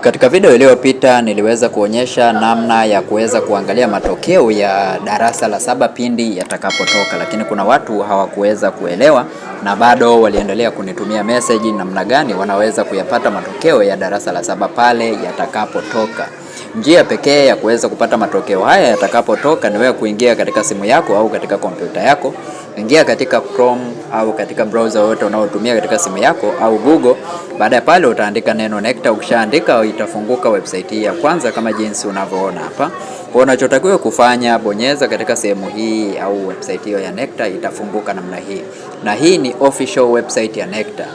Katika video iliyopita niliweza kuonyesha namna ya kuweza kuangalia matokeo ya darasa la saba pindi yatakapotoka, lakini kuna watu hawakuweza kuelewa na bado waliendelea kunitumia message namna gani wanaweza kuyapata matokeo ya darasa la saba pale yatakapotoka. Njia pekee ya kuweza kupata matokeo haya yatakapotoka ni wewe kuingia katika simu yako au katika kompyuta yako Ingia katika Chrome au katika browser yote unaotumia katika simu yako au Google. Baada ya pale utaandika neno NECTA. Ukishaandika itafunguka website hii ya kwanza kama jinsi unavyoona hapa. Kwa unachotakiwa kufanya, bonyeza katika sehemu hii au website hiyo ya NECTA, itafunguka namna hii, na hii ni official website ya NECTA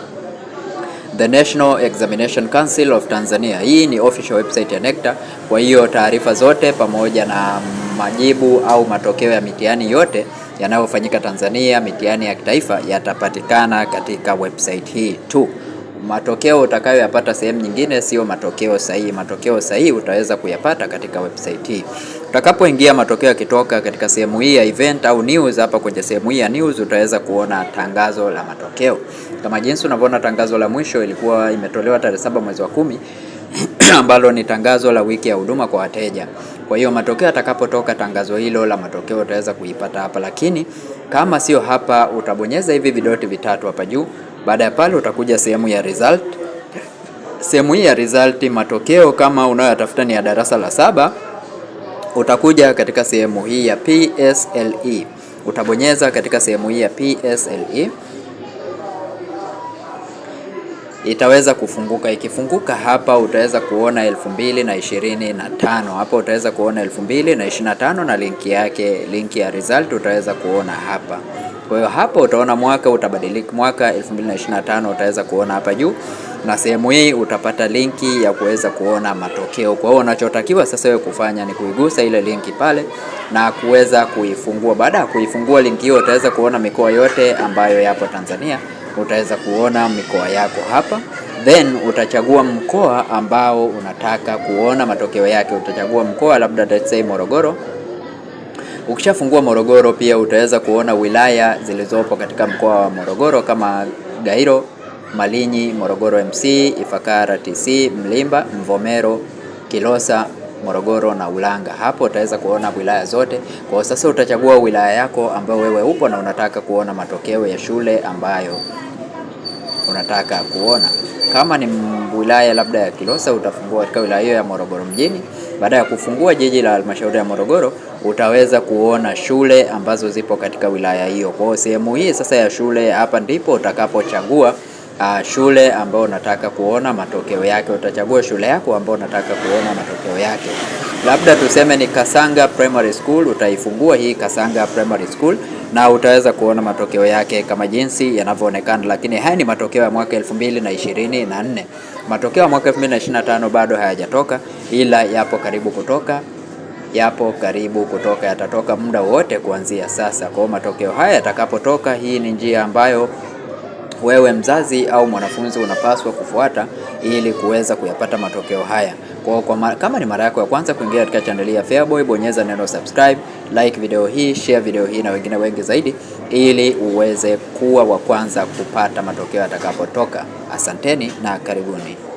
The National Examination Council of Tanzania. Hii ni official website ya NECTA. Kwa hiyo taarifa zote pamoja na majibu au matokeo ya mitihani yote yanayofanyika Tanzania, mitihani ya kitaifa yatapatikana katika website hii tu. Matokeo utakayoyapata sehemu nyingine sio matokeo sahihi. Matokeo sahihi utaweza kuyapata katika website hii. Utakapoingia matokeo yakitoka katika sehemu hii ya event au news, hapa kwenye sehemu hii ya news utaweza kuona tangazo la matokeo kama jinsi unavyoona. Tangazo la mwisho ilikuwa imetolewa tarehe saba mwezi wa kumi ambalo ni tangazo la wiki ya huduma kwa wateja. Kwa hiyo matokeo atakapotoka tangazo hilo la matokeo utaweza kuipata hapa, lakini kama sio hapa, utabonyeza hivi vidoti vitatu hapa juu. Baada ya pale, utakuja sehemu ya result. Sehemu hii ya result, matokeo kama unayotafuta ni ya darasa la saba, utakuja katika sehemu hii ya PSLE, utabonyeza katika sehemu hii ya PSLE itaweza kufunguka. Ikifunguka hapa utaweza kuona elfu mbili na ishirini na tano hapa utaweza kuona elfu mbili na ishirini na tano na linki yake, linki ya result utaweza kuona hapa. Kwa hiyo hapa utaona mwaka utabadilika, mwaka 2025 utaweza kuona hapa juu, na sehemu hii utapata linki ya kuweza kuona matokeo. Kwa hiyo unachotakiwa sasa wewe kufanya ni kuigusa ile linki pale na kuweza kuifungua. Baada ya kuifungua linki hiyo, utaweza kuona mikoa yote ambayo yapo Tanzania utaweza kuona mikoa yako hapa, then utachagua mkoa ambao unataka kuona matokeo yake. Utachagua mkoa labda, let's say Morogoro. Ukishafungua Morogoro, pia utaweza kuona wilaya zilizopo katika mkoa wa Morogoro kama Gairo, Malinyi, Morogoro MC, Ifakara TC, Mlimba, Mvomero, Kilosa Morogoro na Ulanga. Hapo utaweza kuona wilaya zote. Kwa sasa utachagua wilaya yako ambayo wewe upo na unataka kuona matokeo ya shule ambayo unataka kuona. Kama ni wilaya labda ya Kilosa, utafungua katika wilaya hiyo ya Morogoro mjini. Baada ya kufungua jiji la halmashauri ya Morogoro, utaweza kuona shule ambazo zipo katika wilaya hiyo. Kwa hiyo sehemu hii sasa ya shule, hapa ndipo utakapochagua uh, shule ambayo unataka kuona matokeo yake. Utachagua shule yako ambayo unataka kuona matokeo yake. Labda tuseme ni Kasanga Primary School, utaifungua hii Kasanga Primary School na utaweza kuona matokeo yake kama jinsi yanavyoonekana, lakini haya ni matokeo ya mwaka 2024. Matokeo ya mwaka 2025 bado hayajatoka, ila yapo karibu kutoka yapo karibu kutoka, yatatoka muda wote kuanzia sasa. Kwa hiyo matokeo haya yatakapotoka, hii ni njia ambayo wewe mzazi au mwanafunzi unapaswa kufuata ili kuweza kuyapata matokeo haya. Kwa, kwa kama ni mara yako ya kwanza kuingia katika chaneli ya Feaboy, bonyeza neno subscribe, like video hii, share video hii na wengine wengi zaidi ili uweze kuwa wa kwanza kupata matokeo yatakapotoka. Asanteni na karibuni.